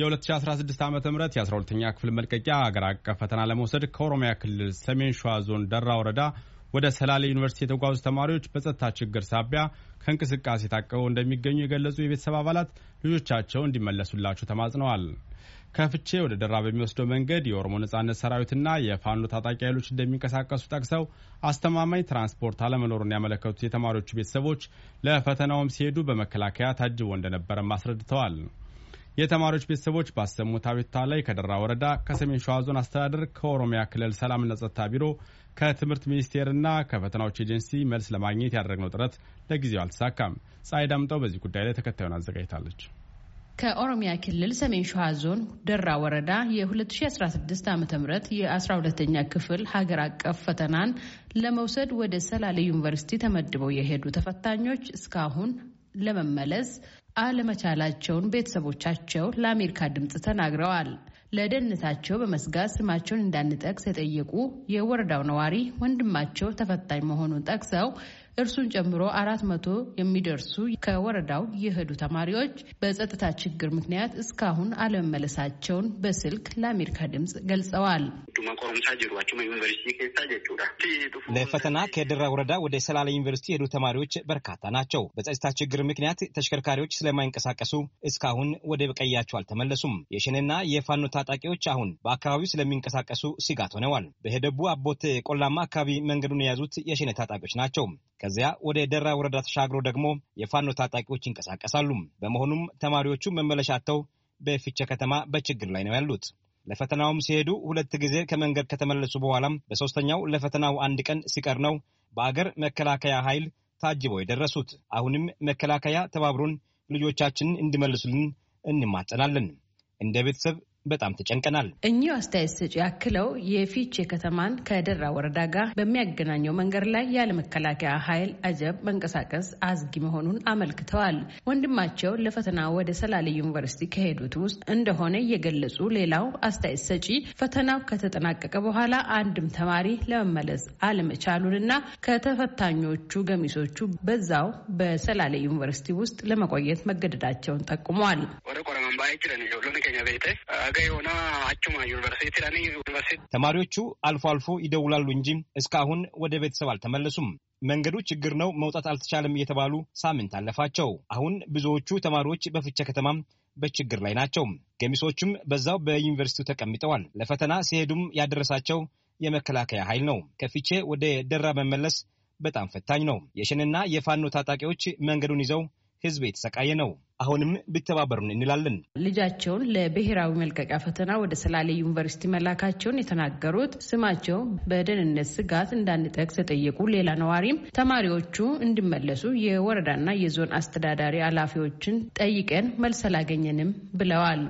የ2016 ዓ ም የ12ኛ ክፍል መልቀቂያ አገር አቀፍ ፈተና ለመውሰድ ከኦሮሚያ ክልል ሰሜን ሸዋ ዞን ደራ ወረዳ ወደ ሰላሌ ዩኒቨርሲቲ የተጓዙ ተማሪዎች በጸጥታ ችግር ሳቢያ ከእንቅስቃሴ ታቀበው እንደሚገኙ የገለጹ የቤተሰብ አባላት ልጆቻቸው እንዲመለሱላቸው ተማጽነዋል። ከፍቼ ወደ ደራ በሚወስደው መንገድ የኦሮሞ ነጻነት ሰራዊትና የፋኖ ታጣቂ ኃይሎች እንደሚንቀሳቀሱ ጠቅሰው አስተማማኝ ትራንስፖርት አለመኖሩን ያመለከቱት የተማሪዎቹ ቤተሰቦች ለፈተናውም ሲሄዱ በመከላከያ ታጅቦ እንደነበረም አስረድተዋል። የተማሪዎች ቤተሰቦች ባሰሙት አቤቱታ ላይ ከደራ ወረዳ፣ ከሰሜን ሸዋ ዞን አስተዳደር፣ ከኦሮሚያ ክልል ሰላምና ጸጥታ ቢሮ፣ ከትምህርት ሚኒስቴርና ከፈተናዎች ኤጀንሲ መልስ ለማግኘት ያደረግነው ጥረት ለጊዜው አልተሳካም። ፀሐይ ዳምጠው በዚህ ጉዳይ ላይ ተከታዩን አዘጋጅታለች። ከኦሮሚያ ክልል ሰሜን ሸዋ ዞን ደራ ወረዳ የ2016 ዓ ም የ12ኛ ክፍል ሀገር አቀፍ ፈተናን ለመውሰድ ወደ ሰላሌ ዩኒቨርሲቲ ተመድበው የሄዱ ተፈታኞች እስካሁን ለመመለስ አለመቻላቸውን ቤተሰቦቻቸው ለአሜሪካ ድምፅ ተናግረዋል። ለደህንነታቸው በመስጋት ስማቸውን እንዳንጠቅስ የጠየቁ የወረዳው ነዋሪ ወንድማቸው ተፈታኝ መሆኑን ጠቅሰው እርሱን ጨምሮ አራት መቶ የሚደርሱ ከወረዳው የሄዱ ተማሪዎች በጸጥታ ችግር ምክንያት እስካሁን አለመመለሳቸውን በስልክ ለአሜሪካ ድምፅ ገልጸዋል። ለፈተና ከደራ ወረዳ ወደ ሰላሌ ዩኒቨርሲቲ የሄዱ ተማሪዎች በርካታ ናቸው። በጸጥታ ችግር ምክንያት ተሽከርካሪዎች ስለማይንቀሳቀሱ እስካሁን ወደ ቀያቸው አልተመለሱም። የሸኔና የፋኖ ታጣቂዎች አሁን በአካባቢው ስለሚንቀሳቀሱ ስጋት ሆነዋል። በሄደቡ አቦቴ ቆላማ አካባቢ መንገዱን የያዙት የሸኔ ታጣቂዎች ናቸው። ከዚያ ወደ ደራ ወረዳ ተሻግሮ ደግሞ የፋኖ ታጣቂዎች ይንቀሳቀሳሉ። በመሆኑም ተማሪዎቹ መመለሻ አጥተው በፍቼ ከተማ በችግር ላይ ነው ያሉት። ለፈተናውም ሲሄዱ ሁለት ጊዜ ከመንገድ ከተመለሱ በኋላም በሶስተኛው ለፈተናው አንድ ቀን ሲቀር ነው በአገር መከላከያ ኃይል ታጅበው የደረሱት። አሁንም መከላከያ ተባብሮን ልጆቻችንን እንዲመልሱልን እንማጸናለን። እንደ ቤተሰብ በጣም ተጨንቀናል። እኚሁ አስተያየት ሰጪ ያክለው የፊቼ ከተማን ከደራ ወረዳ ጋር በሚያገናኘው መንገድ ላይ ያለ መከላከያ ኃይል አጀብ መንቀሳቀስ አዝጊ መሆኑን አመልክተዋል። ወንድማቸው ለፈተና ወደ ሰላሌ ዩኒቨርሲቲ ከሄዱት ውስጥ እንደሆነ እየገለጹ ሌላው አስተያየት ሰጪ ፈተናው ከተጠናቀቀ በኋላ አንድም ተማሪ ለመመለስ አለመቻሉንና ከተፈታኞቹ ገሚሶቹ በዛው በሰላሌ ዩኒቨርሲቲ ውስጥ ለመቆየት መገደዳቸውን ጠቁመዋል። ተማሪዎቹ አልፎ አልፎ ይደውላሉ እንጂ እስካሁን ወደ ቤተሰብ አልተመለሱም። መንገዱ ችግር ነው፣ መውጣት አልተቻለም እየተባሉ ሳምንት አለፋቸው። አሁን ብዙዎቹ ተማሪዎች በፍቼ ከተማ በችግር ላይ ናቸው። ገሚሶቹም በዛው በዩኒቨርሲቲው ተቀምጠዋል። ለፈተና ሲሄዱም ያደረሳቸው የመከላከያ ኃይል ነው። ከፍቼ ወደ ደራ መመለስ በጣም ፈታኝ ነው። የሸንና የፋኖ ታጣቂዎች መንገዱን ይዘው ህዝብ የተሰቃየ ነው። አሁንም ቢተባበሩን እንላለን። ልጃቸውን ለብሔራዊ መልቀቂያ ፈተና ወደ ሰላሌ ዩኒቨርሲቲ መላካቸውን የተናገሩት ስማቸው በደህንነት ስጋት እንዳንጠቅስ የጠየቁ ሌላ ነዋሪም ተማሪዎቹ እንዲመለሱ የወረዳና የዞን አስተዳዳሪ ኃላፊዎችን ጠይቀን መልስ አላገኘንም ብለዋል።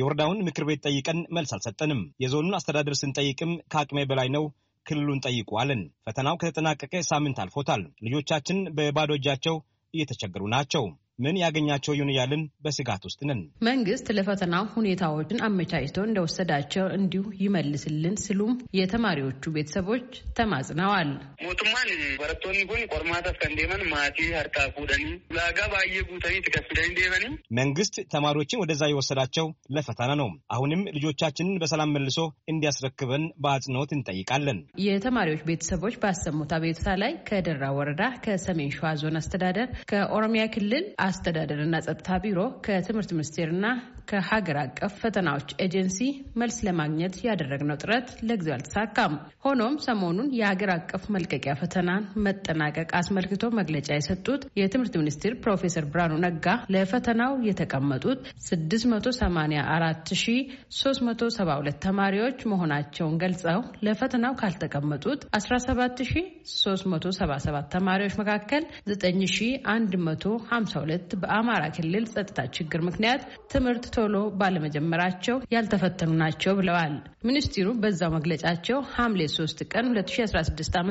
የወረዳውን ምክር ቤት ጠይቀን መልስ አልሰጠንም። የዞኑን አስተዳደር ስንጠይቅም ከአቅሜ በላይ ነው ክልሉን ጠይቋልን። ፈተናው ከተጠናቀቀ ሳምንት አልፎታል። ልጆቻችን በባዶ እጃቸው እየተቸገሩ ናቸው። ምን ያገኛቸው ይሁን እያልን በስጋት ውስጥ ነን። መንግስት ለፈተና ሁኔታዎችን አመቻችቶ እንደወሰዳቸው እንዲሁ ይመልስልን ሲሉም የተማሪዎቹ ቤተሰቦች ተማጽነዋል። ሞቱማን በረቶኒ ጉን ቆርማታፍ ስከንዴመን ማቲ ሀርካ ቁደኒ ላጋ ባየ ጉተኒ ትከፍደኒ ዴመኒ መንግስት ተማሪዎችን ወደዛ የወሰዳቸው ለፈተና ነው። አሁንም ልጆቻችንን በሰላም መልሶ እንዲያስረክበን በአጽንኦት እንጠይቃለን። የተማሪዎች ቤተሰቦች ባሰሙት አቤቱታ ላይ ከደራ ወረዳ፣ ከሰሜን ሸዋ ዞን አስተዳደር፣ ከኦሮሚያ ክልል አስተዳደርና ጸጥታ ቢሮ ከትምህርት ሚኒስቴርና ከሀገር አቀፍ ፈተናዎች ኤጀንሲ መልስ ለማግኘት ያደረግነው ጥረት ለጊዜው አልተሳካም። ሆኖም ሰሞኑን የሀገር አቀፍ መልቀቂያ ፈተናን መጠናቀቅ አስመልክቶ መግለጫ የሰጡት የትምህርት ሚኒስትር ፕሮፌሰር ብርሃኑ ነጋ ለፈተናው የተቀመጡት 684372 ተማሪዎች መሆናቸውን ገልጸው ለፈተናው ካልተቀመጡት 17377 ተማሪዎች መካከል 9152 በአማራ ክልል ጸጥታ ችግር ምክንያት ትምህርት ቶሎ ባለመጀመራቸው ያልተፈተኑ ናቸው ብለዋል። ሚኒስትሩ በዛው መግለጫቸው ሐምሌ 3 ቀን 2016 ዓ ም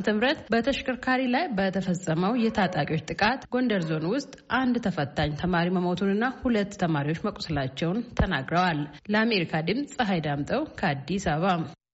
በተሽከርካሪ ላይ በተፈጸመው የታጣቂዎች ጥቃት ጎንደር ዞን ውስጥ አንድ ተፈታኝ ተማሪ መሞቱንና ሁለት ተማሪዎች መቁሰላቸውን ተናግረዋል። ለአሜሪካ ድምፅ ፀሐይ ዳምጠው ከአዲስ አበባ